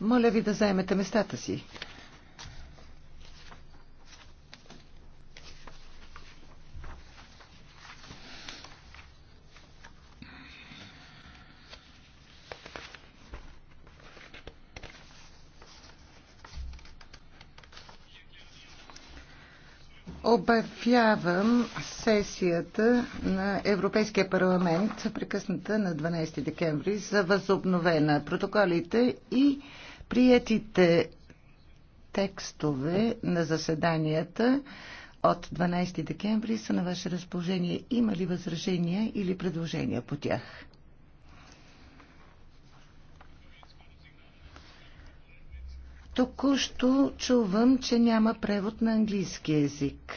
Моля ви да заемете местата си. Обявявам сесията на Европейския парламент, прекъсната на 12 декември, за възобновена. Протоколите и приетите текстове на заседанията от 12 декември са на ваше разположение. Има ли възражения или предложения по тях? Току-що чувам, че няма превод на английски язик.